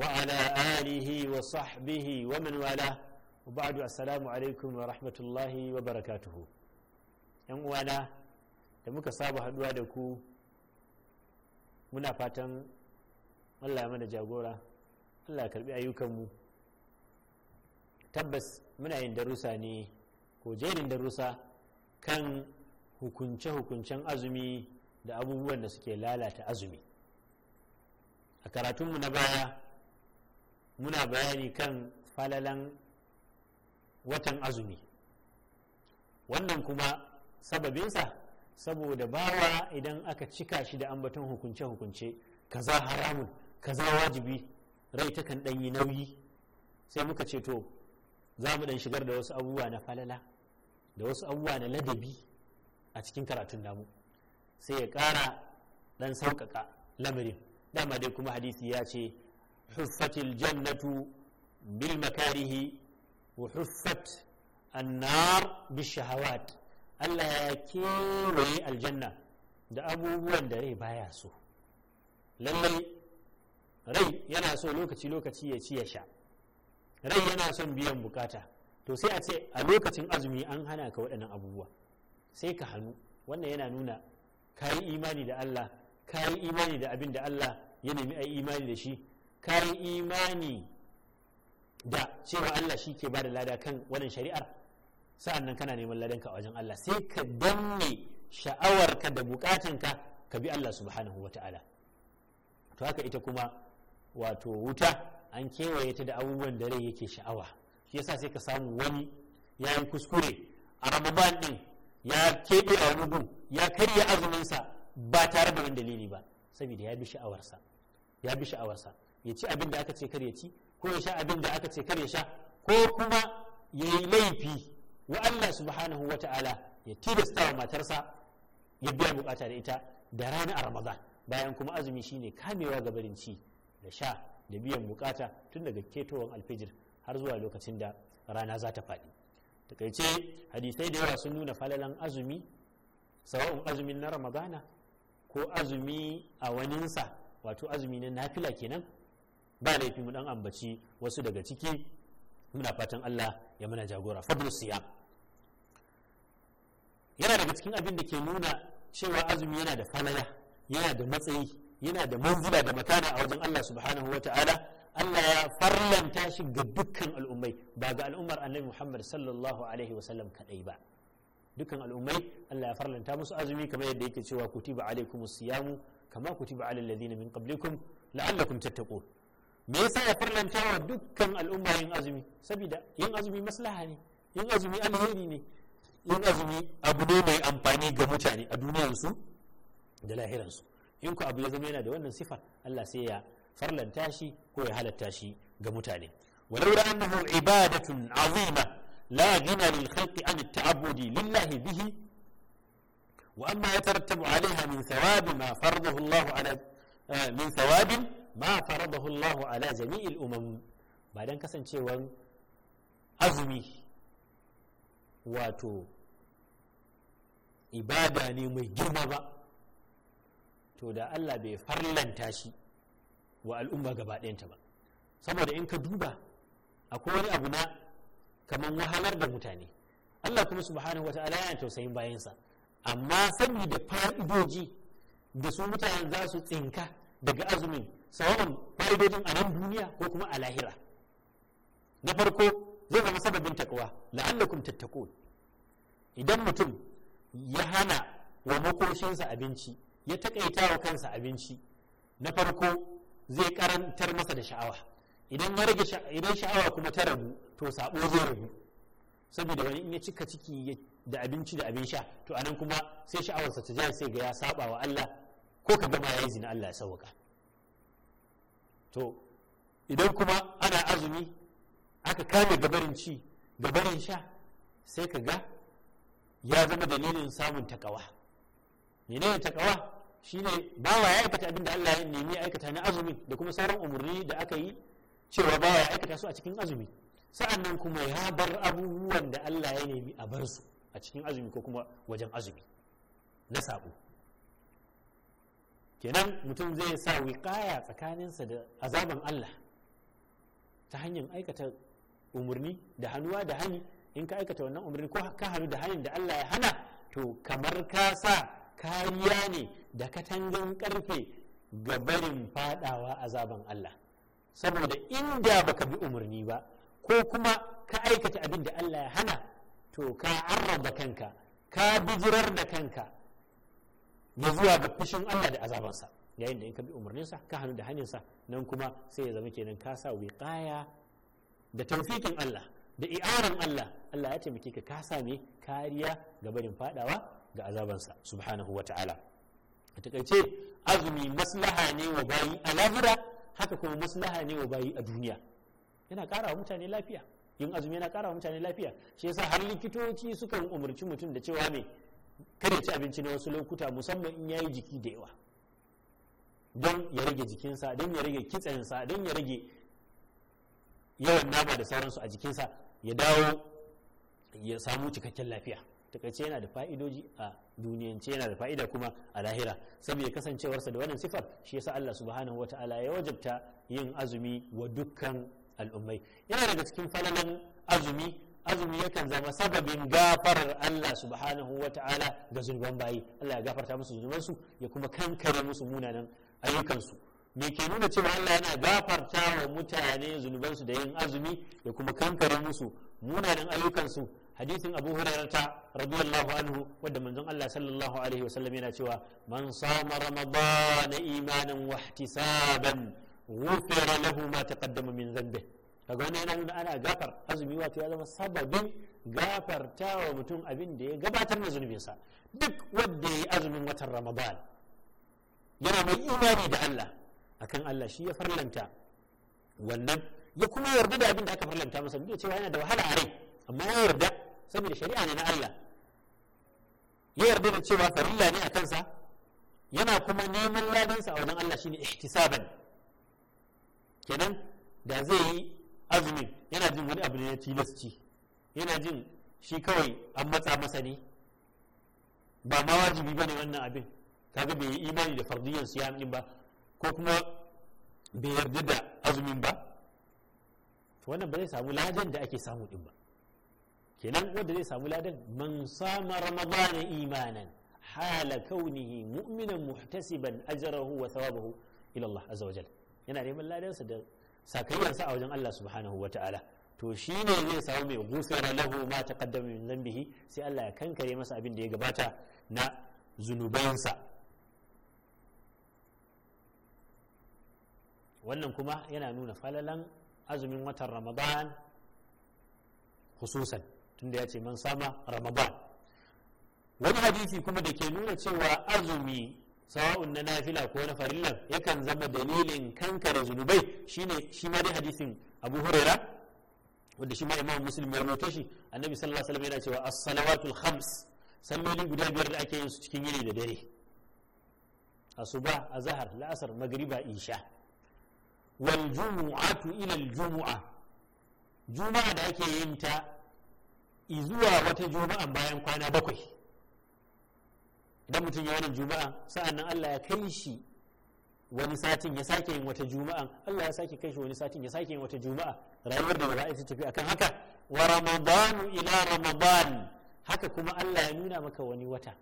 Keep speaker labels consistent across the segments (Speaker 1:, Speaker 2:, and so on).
Speaker 1: وعلى آله وصحبه ومن والاه وبعد alaikum wa ورحمة wa وبركاته ‘yan uwana da muka saba haduwa da ku muna fatan Allah ya mana jagora Allah ya karbi ayyukanmu tabbas muna yin darussa ne ko jerin darussa kan hukunce-hukuncen azumi da abubuwan da suke lalata azumi a karatunmu na baya muna bayani kan falalan watan azumi wannan kuma sababinsa saboda bawa idan aka cika shi da ambaton hukunce-hukunce kaza haramun kaza wajibi rai takan ɗanyi nauyi sai muka ce to za mu ɗan shigar da wasu abubuwa na falala da wasu abubuwa na ladabi a cikin karatun namu sai ya ƙara ɗan sauƙaƙa lamarin dama dai kuma hadisi ya ce حفت الجنة بالمكاره وحفت النار بالشهوات Allah ya kewaye aljanna da abubuwan da rai baya so lallai rai yana so lokaci-lokaci ya ci ya sha rai yana son biyan bukata to sai a ce a lokacin azumi an hana ka waɗannan abubuwa sai ka hannu wannan yana nuna ka yi imani da Allah ka yi imani da abin da Allah ya nemi a imani da shi kayan imani da cewa Allah shi ke bada lada kan wannan shari'ar sa'an nan kana neman ladanka a wajen Allah sai ka danne sha'awarka da bukatanka ka bi Allah subhanahu wa ta'ala. to haka ita kuma wato wuta an kewaye ta da abubuwan da rai yake sha'awa shi yasa sai ka samu wani ya kuskure a ramadan din ya keɓe a wani gun ya karya azuminsa ba tare da wani dalili ba saboda ya bi sha'awarsa ya bi sha'awarsa ya ci abin da aka ce kar ya ci ko ya sha abin da aka ce kar ya sha ko kuma ya yi laifi wa Allah subhanahu wa ta'ala ya tilasta wa matarsa ya biya bukata da ita da rana a Ramadan bayan kuma azumi shine kamewa ga barin ci da sha da biyan bukata tun daga ketowar alfijir har zuwa lokacin da rana za ta faɗi takaice hadisai da yawa sun nuna falalan azumi sawa'un azumin na ramadana ko azumi a waninsa wato azumi na nafila kenan ba laifi mu dan ambaci wasu daga ciki muna fatan Allah ya mana jagora fadlu siyam yana daga cikin abin da ke nuna cewa azumi yana da falala yana da matsayi yana da manzila da makana a wajen Allah subhanahu wata'ala Allah ya farlanta shi ga dukkan al'ummai ba ga al'ummar annabi Muhammad sallallahu alaihi wasallam kadai ba dukkan al'ummai Allah ya farlanta musu azumi kamar yadda yake cewa kutiba alaikumus siyamu kama kutiba alal ladina min qablikum la'allakum tattaqun me yasa ya farlanta wa dukkan al'umma yin azumi saboda yin azumi maslaha ne yin azumi alheri ne yin azumi abu ne mai amfani ga mutane a duniyarsu da lahiransu in ku abu ya zama yana da wannan sifar Allah sai ya farlanta shi ko ya halatta shi ga mutane ولولا أنه عبادة عظيمة لا غنى للخلق lillahi bihi wa به وأما يترتب عليها min ثواب ما فرضه الله على min ثواب ma faradahu Allah ala jami'il umam ba dan kasancewan azumi wato ibada ne mai girma ba to da Allah bai farlanta shi wa al'umma gaba ɗayanta ba saboda in ka duba akwai wani abu na kamar wahalar da mutane Allah kuma subhanahu wa ta'ala yana tausayin bayansa amma saboda fa'idoji da su mutane za su tsinka daga azumin sawan fa'idodin a nan duniya ko kuma a lahira na farko zai zama sababin takwa la'allakum tattako idan mutum ya hana wa makoshinsa abinci ya taƙaita wa kansa abinci na farko zai karantar masa da sha'awa idan ya rage idan sha'awa kuma ta rabu to sabo zai rabu saboda wani in ya cika ciki da abinci da abin sha to anan kuma sai sha'awarsa ta ja sai ga ya saba wa Allah ko ka gama yayi zina Allah ya sauka to idan kuma ana azumi aka kame gabarin ci gabarin sha sai ka ga ya zama dalilin samun takawa menene takawa shine bawa ya aikata abin da Allah ya nemi aikata na azumi da kuma sauran umarni da aka yi cewa bawa ya aikata su a cikin azumi sa'annan kuma ya bar abubuwan da Allah ya nemi a bar su a cikin azumi ko kuma wajen azumi na sabo kenan mutum zai sa wiƙaya tsakaninsa da azaban Allah ta hanyar aikata umarni da hannuwa da hannu in ka aikata wannan umarni ko ka hannu da hanyar da Allah ya hana to kamar ka sa kariya ne da katangan karfe ga barin fadawa azaban Allah saboda inda baka bi umarni ba ko kuma ka aikata abin da Allah ya hana to ka arraba kanka ka bijirar da kanka ya zuwa ga fushin Allah da azabansa yayin da in ka bi umarninsa ka hannu da hannunsa nan kuma sai ya zama kenan ka sa wiqaya da tawfiqin Allah da i'aran Allah Allah ya taimake ka kasa same kariya ga barin fadawa ga azabansa subhanahu ta'ala. a takaice azumi maslaha ne wa bayi a lahira haka kuma maslaha ne wa bayi a duniya yana karawa wa mutane lafiya yin azumi yana karawa mutane lafiya shi yasa har likitoci sukan umarci mutum da cewa ne kada ci abinci na wasu lokuta musamman in yayi jiki da yawa don ya rage jikinsa don ya rage kitsensa don ya rage yawan nama da sauransu a jikinsa ya dawo ya samu cikakken lafiya takaice yana da fa'idoji a duniyance yana da fa'ida kuma a lahira saboda kasancewarsa da wannan sifar shi yasa Allah subhanahu wata'ala ya wajabta yin azumi wa dukkan al'ummai yana daga cikin falalan azumi azumi yakan zama sababin gafarar Allah subhanahu wa ta'ala ga zunuban bayi Allah ya gafarta musu zunubansu ya kuma kankare musu munanan ayyukansu me ke nuna cewa Allah yana gafarta wa mutane zunubansu da yin azumi ya kuma kankare musu munanan ayyukansu hadisin Abu Hurairah radiyallahu anhu wanda manzon Allah sallallahu alaihi wa sallam yana cewa man sama ramadana imanan ihtisaban غفر lahu ma taqaddama min dhanbihi kaga wannan yana nuna ana gafar azumi wato ya zama sababin gafarta wa mutum abin da ya gabatar da zunubinsa duk wanda ya yi azumin watan ramadan yana mai imani da Allah akan Allah shi ya farlanta wannan ya kuma yarda da abin da aka farlanta masa duk cewa yana da wahala a rai amma ya yarda saboda shari'a ne na Allah ya yarda da cewa farilla ne a kansa yana kuma neman ladansa a wajen Allah shine ihtisaban kenan da zai yi azumin yana jin wani abu ne na tilasci yana jin shi kawai an matsa masa ne ba ma wajibi ne wannan abin kaga bai yi imani da fardiyan siyam din ba ko kuma bai yarda da azumin ba to wannan ba zai samu ladan da ake samu din ba kenan wanda zai samu ladan man sama na imanan hala kaunihi mu'minan muhtasiban ajrahu wa thawabahu ila Allah azza wajal yana neman ladansa da sakayyarsa a wajen Allah subhanahu wa ta'ala to shi ne zai samu mai da lahu ma kaddami min zambihi sai Allah ya kankare masa abin da ya gabata na zunubansa wannan kuma yana nuna falalan azumin watan ramadan hususan tunda ya ce man sama ramadan wani hadisi kuma da ke nuna cewa azumi sawa'un na nafila ko na farillan yakan zama dalilin kankare zunubai shine shi ma dai hadisin abu huraira wanda shi ma imam muslim ya rawaito shi annabi sallallahu alaihi wasallam yana cewa as-salawatul khams guda biyar da ake yin su cikin yini da dare asuba azhar la'asar magriba isha wal jumu'atu ila al jumu'a juma'a da ake yin ta zuwa wata juma'a bayan kwana bakwai idan mutum ya wannan juma'a sa'an nan Allah ya kai shi wani satin ya sake yin wata juma'a Allah ya sake kai shi wani satin ya sake yin wata juma'a rayuwar da ba za tafi akan haka wa ramadan ila ramadan haka kuma Allah ya nuna maka wani wata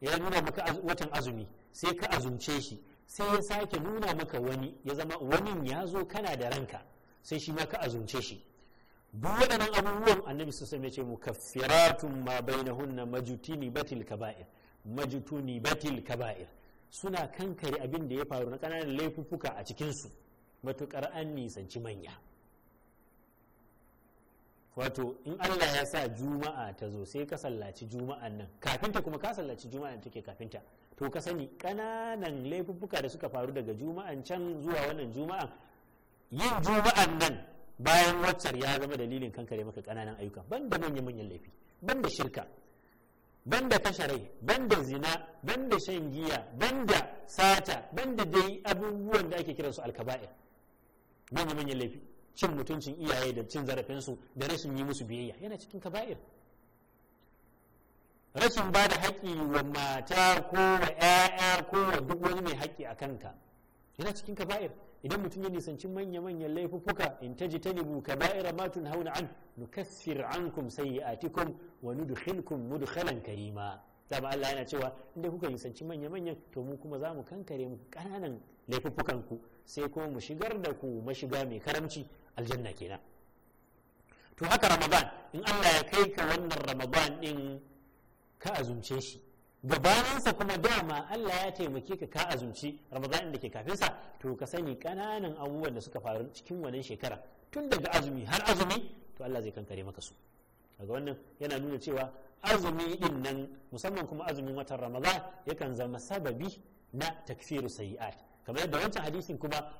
Speaker 1: ya nuna maka watan azumi sai ka azumce shi sai ya sake nuna maka wani ya zama wani ya zo kana da ranka sai shi ma ka azumce shi duk waɗannan abubuwan annabi sun ya ce mu kafiratun ma bainahunna majutini batil kaba'ir majituni batil kaba'ir suna kankare abin da ya faru na kananan laifuffuka a cikinsu matuƙar an nisanci manya wato in Allah ya sa juma'a ta zo sai ka sallaci juma'an nan kafinta kuma ka sallaci juma'an take kafinta to ka sani ƙananan laifuffuka da suka faru daga juma'an can zuwa wannan juma'an yin juma'an nan bayan waccar ya zama dalilin kankare maka ƙananan ayyuka ban da manyan manyan laifi ban da shirka Ban da tasharai rai da zina ban da shan giya ban da sata ban da dai abubuwan da ake su alkaba'ir manya manyan laifi cin mutuncin iyaye da cin zarafinsu da rashin yi musu biyayya yana cikin kaba'ir rashin ba da haƙƙi wa mata ko wa 'ya'ya ko wa duk wani mai haƙƙi a kanka yana cikin kaba'ir idan mutum ya nisanci manya-manyan laifuka in ta ji tanibu ka da'ira matun hauna an nukassir wani sayyi'atikum wa nudkhilkum mudkhalan karima mu Allah yana cewa inda kuka nisanci manya-manyan to mu kuma za mu kankare mu kananan laifuffukan ku sai kuma mu shigar da ku mashiga mai karamci aljanna kenan to haka ramadan in Allah ya kai ka wannan ramadan din ka azumce shi gabaninsa kuma dama Allah ya taimake ka ka azumci Ramadan da ke kafin sa to ka sani kananan abubuwan da suka faru cikin wannan shekara tun daga azumi har azumi to Allah zai kankare maka su daga wannan yana nuna cewa azumi din nan musamman kuma azumin watan Ramadan yakan zama sababi na takfiru sayi'at kamar yadda wancan hadisin kuma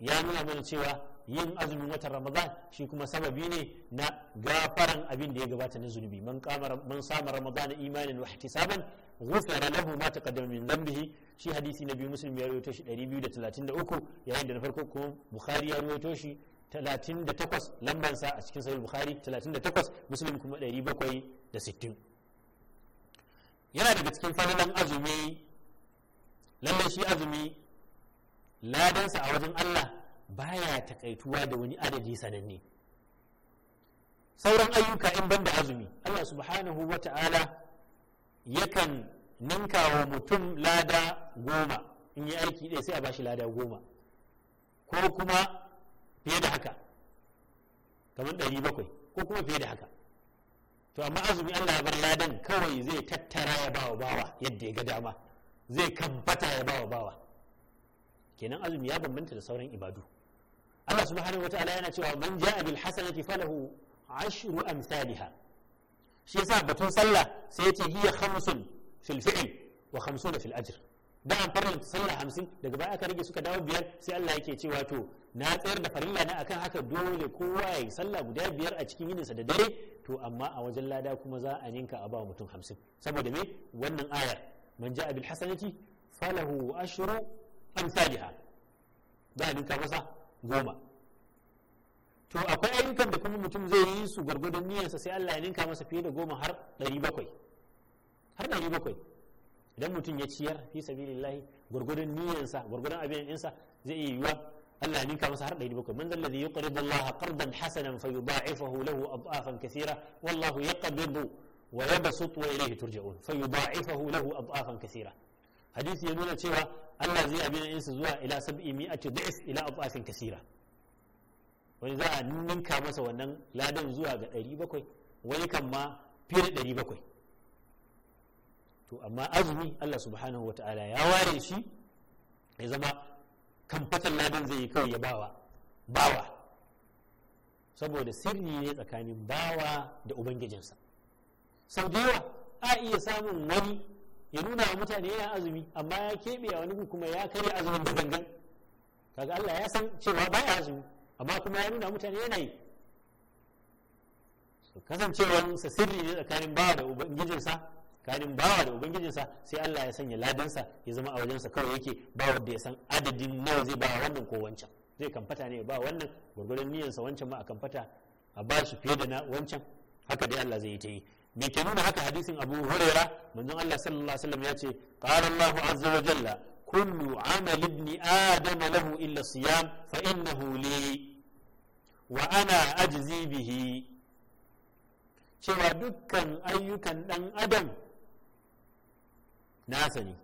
Speaker 1: ya nuna mana cewa yin azumin watan ramadan shi kuma sababi ne na gafaran abin da ya gabata na zunubi man qama man sama ramadan imanan wa ihtisaban ghufira lahu ma taqaddama min dhanbihi shi hadisi na biyu muslim ya rawaito shi 233 yayin da na farko kuma bukhari ya rawaito shi 38 lamban sa a cikin sahih bukhari 38 muslim kuma 760 yana daga cikin fadalan azumi lallai shi azumi ladansa a wajen Allah baya takaituwa da wani adadi sananne sauran ayyuka in banda azumi Allah subhanahu wa ta'ala yakan ninka wa mutum lada goma in yi aiki ɗaya sai a bashi lada goma ko kuma fiye da haka kamar ɗari bakwai ko kuma fiye da haka to amma azumi Allah bar ladan kawai zai tattara ya bawa bawa yadda ya ga dama zai kambata ya bawa bawa kenan azumi ya bambanta da sauran ibadu Allah subhanahu wa ta'ala yana cewa man ja'a bil hasanati falahu ashru amsalha shi yasa batun sallah sai yace hiya khamsun fil fi'l wa khamsuna fil ajr da an farla sallah hamsin daga baya aka rage suka dawo biyar sai Allah yake cewa to na tsayar da farilla na akan haka dole kowa yayi sallah guda biyar a cikin yininsa da dare to amma a wajen lada kuma za a ninka a ba mutum hamsin saboda me wannan ayar man ja'a bil hasanati falahu ashru amsalha da ninka masa goma to akwai ayyukan da kuma mutum zai yi su gwargwadon niyyarsa sai Allah ya ninka masa fiye da goma har ɗari bakwai har ɗari bakwai idan mutum ya ciyar fi sabilillahi gwargwadon niyyarsa gwargwadon abin ɗinsa zai iya yiwa Allah ya ninka masa har ɗari bakwai man zalladhi yuqridu Allah qardan hasanan fayudha'ifahu lahu ad'afan kathira wallahu yaqbidu wa yabsutu wa ilayhi turja'un fayudha'ifahu lahu ad'afan kathira hadisi ya nuna cewa Allah zai abin insu zuwa ila sab'i da da'is ila abasin kasira wani za a ninka masa wannan ladan zuwa ga ɗari bakwai wani kan ma fiye da ɗari bakwai. to amma azumi Allah subhanahu wata'ala ya ware shi ya zama kan fatan ladan zai yi kawai ya bawa bawa saboda sirri ne tsakanin bawa da ubangijinsa sau da yawa a iya samun wani ya nuna wa mutane yana azumi amma ya keɓe a wani kuma ya karya azumin da gangan kaga Allah ya san cewa baya azumi amma kuma ya nuna mutane yana yi sa sirri ne tsakanin bawa da ubangijinsa tsakanin bawa da ubangijinsa sai Allah ya sanya ladansa ya zama a wajensa kawai yake ba wanda ya san adadin nawa zai ba wannan ko wancan zai kamfata ne ba wannan gurgurin niyansa wancan ma a kamfata a ba shi fiye da na wancan haka dai Allah zai yi ta yi me ke nuna haka hadisin abu huraira manzon Allah sallallahu alaihi wasallam ya ce qala Allahu azza wa jalla kullu amal ibni adam lahu illa siyam fa innahu li wa ana ajzi bihi cewa dukkan ayyukan dan adam na sani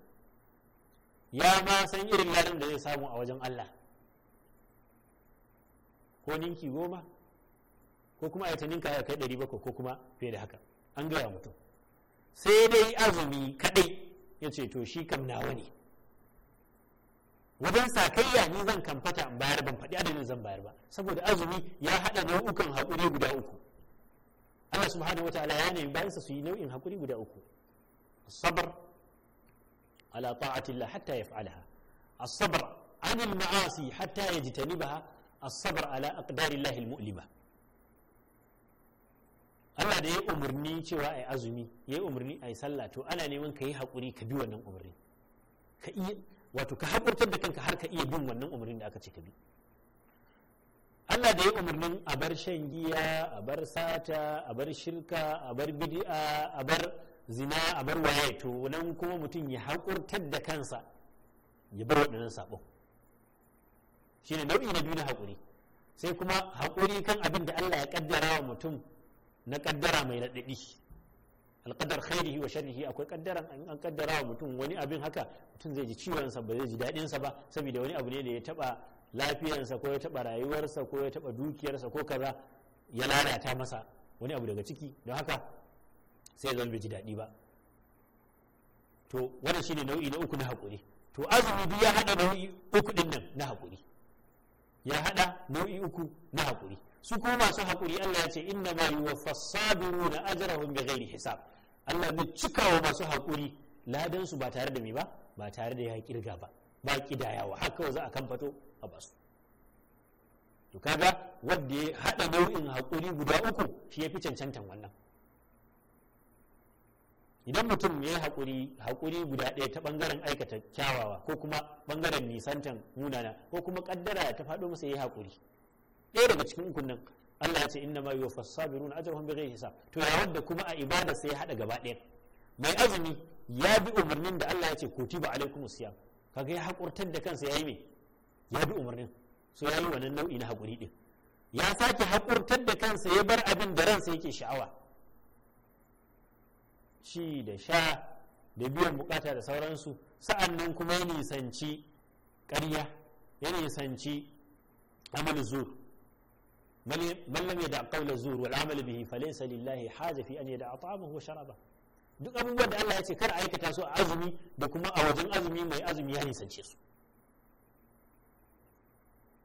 Speaker 1: ya ma san irin ladan da zai samu a wajen Allah ko ninki goma ko kuma a ninka ya kai 700 ko kuma fiye da haka an gaya mutum sai dai azumi kadai ya ce to shi kam nawa ne wajen sakayya ni zan kamfata in bayar ban faɗi adadin zan bayar ba saboda azumi ya haɗa nau'ukan haƙuri guda uku Allah subhanahu wa ta'ala ya nemi sa su yi nau'in haƙuri guda uku sabar ala ta'atillah hatta yaf'alaha as-sabr 'anil ma'asi hatta yajtanibaha as-sabr ala aqdarillahi al-mu'lima Allah da ya umarni cewa ai azumi ya yi umarni ai sallah to ana neman ka yi haƙuri ka bi wannan umarni ka iya wato ka hakurtar da kanka har ka iya bin wannan umarnin da aka ce ka bi Allah da ya umarnin a bar shan giya a bar sata a bar shirka a bar bid'a a bar zina a bar waye to nan kuma mutum ya haƙurtar da kansa ya bar waɗannan saƙo shine nau'i na biyu na haƙuri sai kuma haƙuri kan abin da Allah ya ƙaddara wa mutum na kaddara mai raɗaɗi alƙadar khairihi wa sharrihi akwai kaddara an kaddara wa mutum wani abin haka mutum zai ji ciwonsa ba zai ji sa ba saboda wani abu ne da ya taɓa lafiyarsa ko ya taɓa rayuwarsa ko ya taɓa dukiyarsa ko kaza ya lalata masa wani abu daga ciki don haka sai zan bai ji daɗi ba to wannan shine nau'i na uku na haƙuri to azumi ya haɗa nau'i uku ɗin na haƙuri
Speaker 2: ya haɗa nau'i uku
Speaker 1: na hakuri. su kuma masu haƙuri Allah ya ce inna ma yuwaffa sabiruna ajrahum bighairi hisab Allah bai wa masu haƙuri ladan su ba tare da me ba ba tare da ya kirga ba ba wa haka za a kan fato a basu to kaga wanda ya hada nau'in haƙuri guda uku shi ya fi cancantan wannan idan mutum ya yi haƙuri haƙuri guda ɗaya ta ɓangaren aikata kyawawa ko kuma ɓangaren nisantan munana ko kuma ƙaddara ta faɗo masa ya yi haƙuri ɗaya daga cikin ukun nan Allah ya ce inna ma yuwaffas sabiruna ajrahum bighairi hisab to ya wanda kuma a ibada sai ya haɗa gaba ɗaya mai azumi ya bi umarnin da Allah ya ce kutiba alaikumus siyam kaga ya hakurtar da kansa yayi me ya bi umarnin so yayi wannan nau'i na hakuri din ya sake haƙurtar da kansa ya bar abin da ransa yake sha'awa ci da sha da biyan bukata da sauransu sa'an nan kuma ya nisanci ƙarya ya nisanci amal man lam yada qawla zur wal amal bihi falaysa lillahi haja fi an yada ta'amahu wa sharaba duk abubuwan da Allah ya ce kar aikata su a azumi da kuma a wajen azumi mai azumi ya nisance su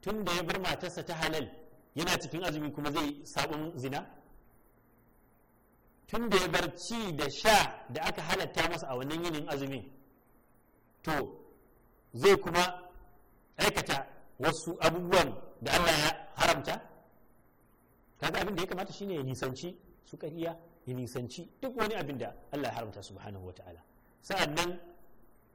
Speaker 1: tun da ya bar matarsa ta halal yana cikin azumi kuma zai sabon zina tun da ya bar ci da sha da aka halatta masa a wannan yinin azumin to zai kuma aikata wasu abubuwan da Allah ya haramta kaga abin da ya kamata shine ya nisanci su ƙarya ya nisanci duk wani abin da Allah ya haramta subhanahu wataala sa'annan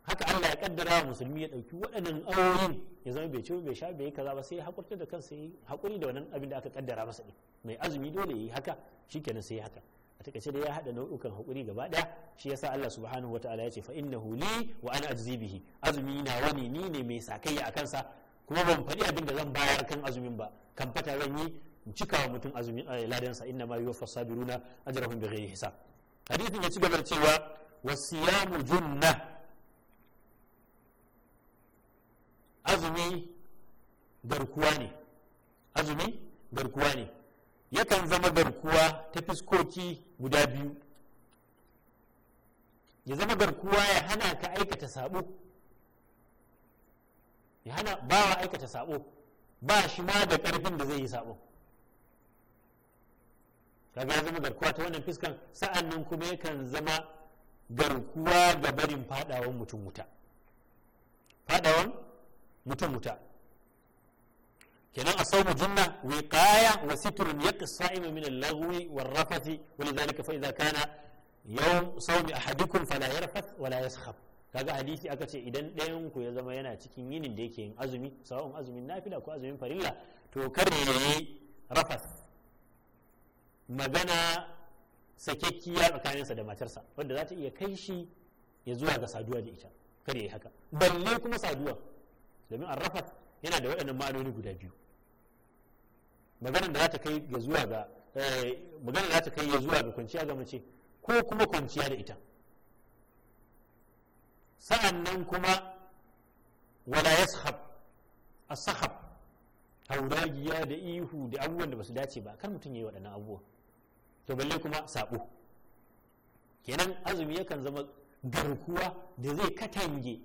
Speaker 1: haka Allah ya kaddara wa musulmi ya dauki waɗannan awoyin ya zama bai ci bai sha bai kaza ba sai ya hakurta da kansa yi hakuri da wannan abin da aka kaddara masa din mai azumi dole yayi haka shikenan sai ya haka a takaice dai ya hada nau'ukan hakuri gaba daya shi yasa Allah subhanahu wataala ya ce fa innahu li wa ana ajzi bihi azumi na wani ni ne mai sakayya akan sa kuma ban faɗi abin da zan bayar kan azumin ba kan fata zan yi cikawa mutum azumi a eh, ladansa inna ma yuwaffa sabiruna ajrahum bighairi hisab Hadithin ya ci gaba cewa wasiyamu junna azumi garkuwa ne azumi garkuwa ne yakan zama garkuwa ta fiskoki guda biyu ya zama garkuwa ya hana ka aikata sabo ya hana bawa aikata sabo ba shi ma da karfin da zai yi sabo kaga ya zama garkuwa ta wannan fiskan sa'an nan kuma yakan zama garkuwa ga barin fadawan mutum wuta fadawan mutum wuta kenan a saumu junna wiqaya wa sitrun yaqsa'ima min al-laghwi war-rafathi wa lidhalika fa idha kana yawm sawmi ahadikum fala yarfath wala yaskhab kaga hadisi aka ce idan ɗayan ku ya zama yana cikin yinin da yake yin azumi sawa'un azumin nafila ko azumin farilla to kar ya yi rafas magana sakekkiya tsakaninsa da matarsa wanda za ta iya kai shi ya zuwa ga saduwa da ita kada ya yi haka balle kuma saduwa domin arrafat yana da waɗannan ma'anoni guda biyu maganar da za ta kai ga zuwa ga eh, da za ta kai ya zuwa ga kwanciya ga mace ko kuma kwanciya da ita sa'an nan kuma wala yashab as-sahab hauragiya da ihu da abubuwan da basu dace ba kar mutum yayi waɗannan abubuwan to balle kuma sabo kenan azumi yakan zama garkuwa da zai katange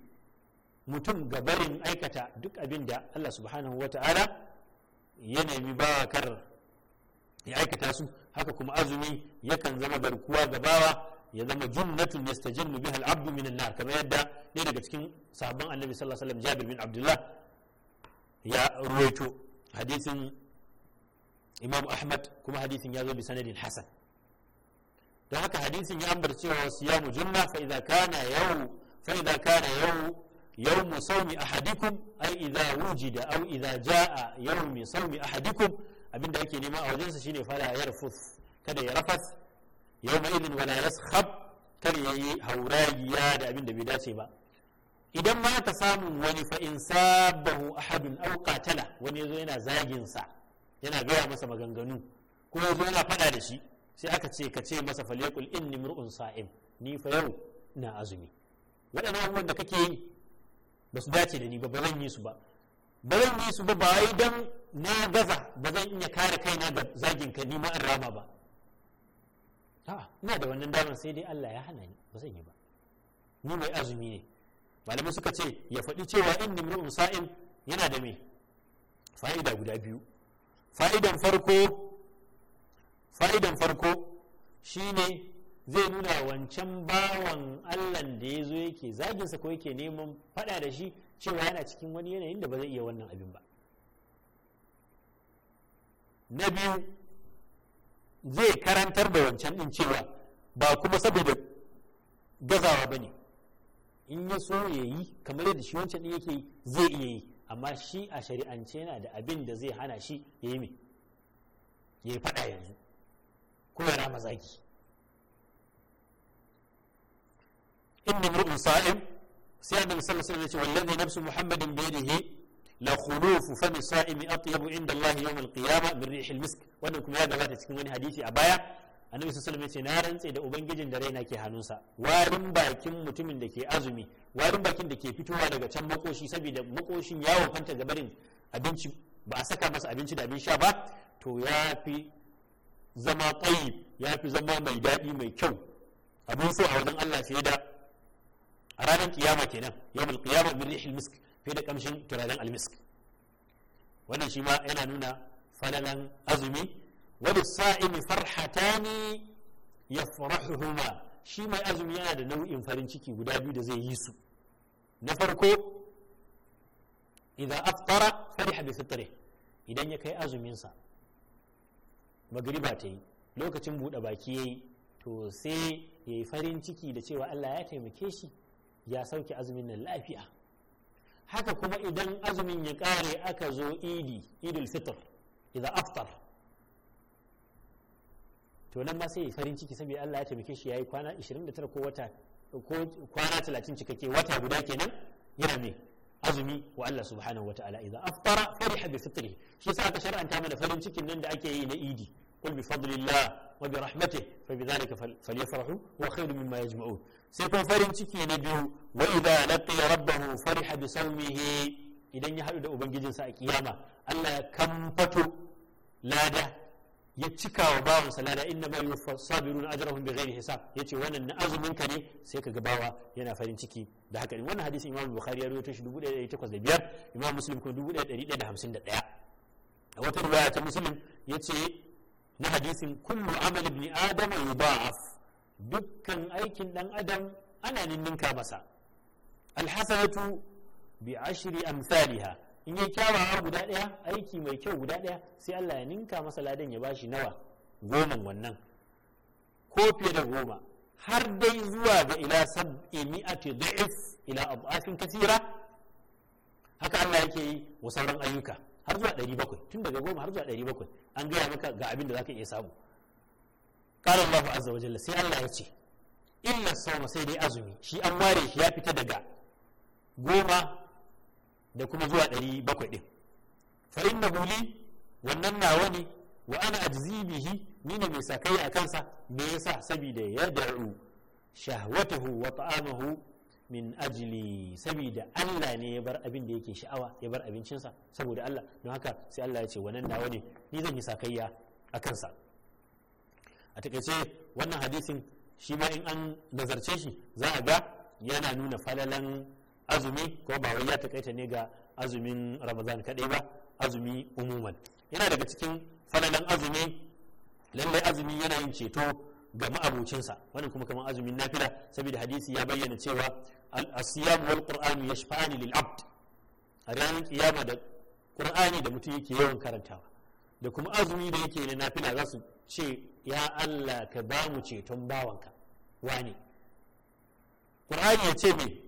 Speaker 1: mutum ga barin aikata duk abin da Allah subhanahu wa ta'ala ya nemi bawa ya aikata su haka kuma azumi yakan zama garkuwa ga bawa ya zama jannatun yastajinnu biha al-abdu min an-nar kamar yadda ne daga cikin sahabban Annabi sallallahu alaihi wasallam Jabir bin Abdullah ya ruwaito hadisin Imam Ahmad kuma hadisin ya zo bi sanadin Hasan da haka hadisin ya ambar cewa siyamu jumma fa idza kana yau fa idza kana yau yawm sawmi ahadikum ay idza wujida aw idza jaa yawm sawmi ahadikum abinda ake nema a wajensa shine fala yarfus kada ya rafas yawma idin wala yaskhab ya yayi hauragiya da abinda bai dace ba idan ma ka samu wani fa in sabahu ahadun aw qatala wani yazo yana zagin sa yana gaya masa maganganu ko yazo yana fada da shi sai aka ce ka ce masa falyakul inni mur'un sa'im ni fa yau ina azumi waɗannan abubuwan da kake yi ba su dace da ni ba ban zan yi su ba ba zan yi su ba ba wai dan na gaza ba zan iya kare kaina da zagin ka ni ma an rama ba a'a ina da wannan damar sai dai Allah ya hana ni ba zan yi ba ni mai azumi ne malamai suka ce ya faɗi cewa inni mur'un sa'im yana da me fa'ida guda biyu fa'idan farko fa'idan farko shi ne zai nuna wancan bawan allan da ya zo yake zaginsa ko yake neman fada da shi cewa yana cikin wani yanayin da ba zai iya wannan abin ba na biyu zai karantar da wancan din cewa ba kuma saboda gazawa ba ne in ya so ya yi kamar yadda shi wancan din yake zai iya yi amma shi a shari'ance yana da abin da zai hana shi ya yi mai ya yi fada yanzu ko maza rama zagi inna rubin sa'im sai annabi sallallahu alaihi wasallam ya ce wallazi nafsu muhammadin bi yadihi la khulufu fami sa'imi atyabu inda Allah yawm al-qiyamah min rih al wannan kuma ya gabata cikin wani hadisi a baya annabi sallallahu alaihi wasallam ya ce na rantse da ubangijin da raina ke hannunsa warin bakin mutumin da ke azumi warin bakin da ke fitowa daga can makoshi saboda makoshin yawon fanta gabarin abinci ba a saka masa abinci da abin sha ba to ya fi zama tsayi ya fi zama mai daɗi mai kyau abin so a wajen Allah fiye da a ranar kiyama kenan yawmul kiyama min rihil misk fiye da ƙamshin turaren almisk wannan shi ma yana nuna falalan azumi wani sa'imi farhatani yafrahuhuma shi mai azumi yana da nau'in farin ciki guda biyu da zai yi su na farko idan aftara fariha bi fitre idan ya kai azuminsa magriba ta yi lokacin buɗe baki ya yi to sai ya yi farin ciki da cewa Allah ya taimake shi ya sauke azumin nan lafiya haka kuma idan azumin ya ƙare aka zo idi idul fitr idan aftar to nan ma sai ya yi farin ciki saboda Allah ya taimake shi ya yi kwana 29 ko wata kwana 30 cikakke wata guda kenan yana mai azumi wa Allah subhanahu wataala idan aftara fariha bi fitrihi shi yasa aka shar'anta mana farin cikin nan da ake yi na idi qul bi fadlillah wa bi rahmatihi fa bi dhalika falyafrahu wa khairu mimma yajma'un sai kuma farin ciki na biyu wa idza laqiya rabbahu fariha bi sawmihi idan ya haɗu da ubangijinsa a kiyama Allah ya kamfato lada ya cika wa bawan salada inna ma yusabiruna ajrahum bighairi hisab yace wannan na azumin ka ne sai ka bawa yana farin ciki da haka wannan hadisi Imam Bukhari ya rawaito shi 1805 Imam Muslim kuma 1151 a wata riwaya ta Muslim yace na hadisin kullu amal ibn adam yudha'af dukkan aikin dan adam ana ninninka masa alhasanatu bi ashri amsalha in ya kyawawa guda ɗaya aiki mai kyau guda ɗaya sai Allah ya ninka masa ladan ya bashi nawa goma wannan ko fiye da goma har dai zuwa ga ila sab'i mi'ati da'if ila ab'afin kasira haka Allah yake yi wa sauran ayyuka har zuwa 700 tun daga goma har zuwa 700 an gaya maka ga abin da zaka iya samu qala Allahu azza wa jalla sai Allah ya ce illa sawma sai dai azumi shi an ware shi ya fita daga goma da kuma zuwa ɗari bakwai ɗin fa inna huli wannan nawa ne wa ana ajzi bihi ni ne mai sakai a kansa me yasa saboda ya dar'u shahwatahu wa ta'amahu min ajli saboda Allah ne ya bar abin da yake sha'awa ya bar abincinsa saboda Allah don haka sai Allah ya ce wannan nawa ne ni zan yi sakayya a kansa a takaice wannan hadisin shi ma in an nazarce shi za a ga yana nuna falalan azumi ko ba wai ya takaita ne ga azumin ramadan kaɗai ba azumi umuman yana daga cikin falalan azumi lallai azumi yana yin ceto ga ma'abucinsa Wani kuma kamar azumin nafila saboda hadisi ya bayyana cewa al-asiyam wal qur'an yashfa'ani lil abd a ranar kiyama da qur'ani da mutum yake yawan karantawa da kuma azumi da yake na nafila za su ce ya Allah ka bamu ceton bawanka wani qur'ani ya ce me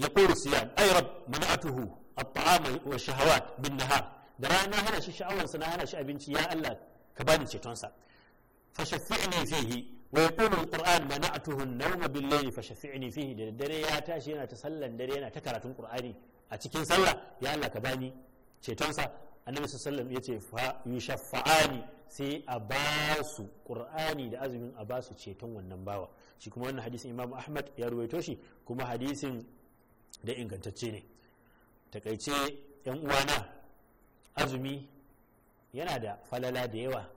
Speaker 1: Ya siya يقول tuhu أي mai منعته shahawa bin Naha da rana hana shi sha'awarsa na hana abinci ya Allah ka bani cetonsa fa shafi'ni fihi wa yaqulu alquran mana'tuhu an-nawma bil-layli fa shafi'ni fihi da daddare ya tashi yana ta sallan dare yana ta karatun qur'ani a cikin sallah ya Allah ka bani cetonsa annabi sallallahu alaihi wasallam yace fa yushaffa'ani sai a basu su qur'ani da azumin a basu ceton wannan bawa shi kuma wannan hadisin imam ahmad ya ruwaito shi kuma hadisin da ingantacce ne takaice yan uwana azumi yana da falala da yawa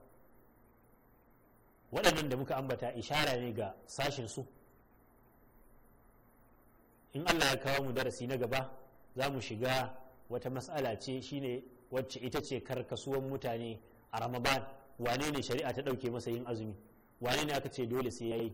Speaker 1: waɗannan da muka ambata ishara ne ga sashen su in allah ya kawo mu darasi na gaba za mu shiga wata matsala ce shine wacce ita ce karkasuwan mutane a ramadan wane ne shari'a ta ɗauke masa yin azumi wane ne aka ce dole sai ya yi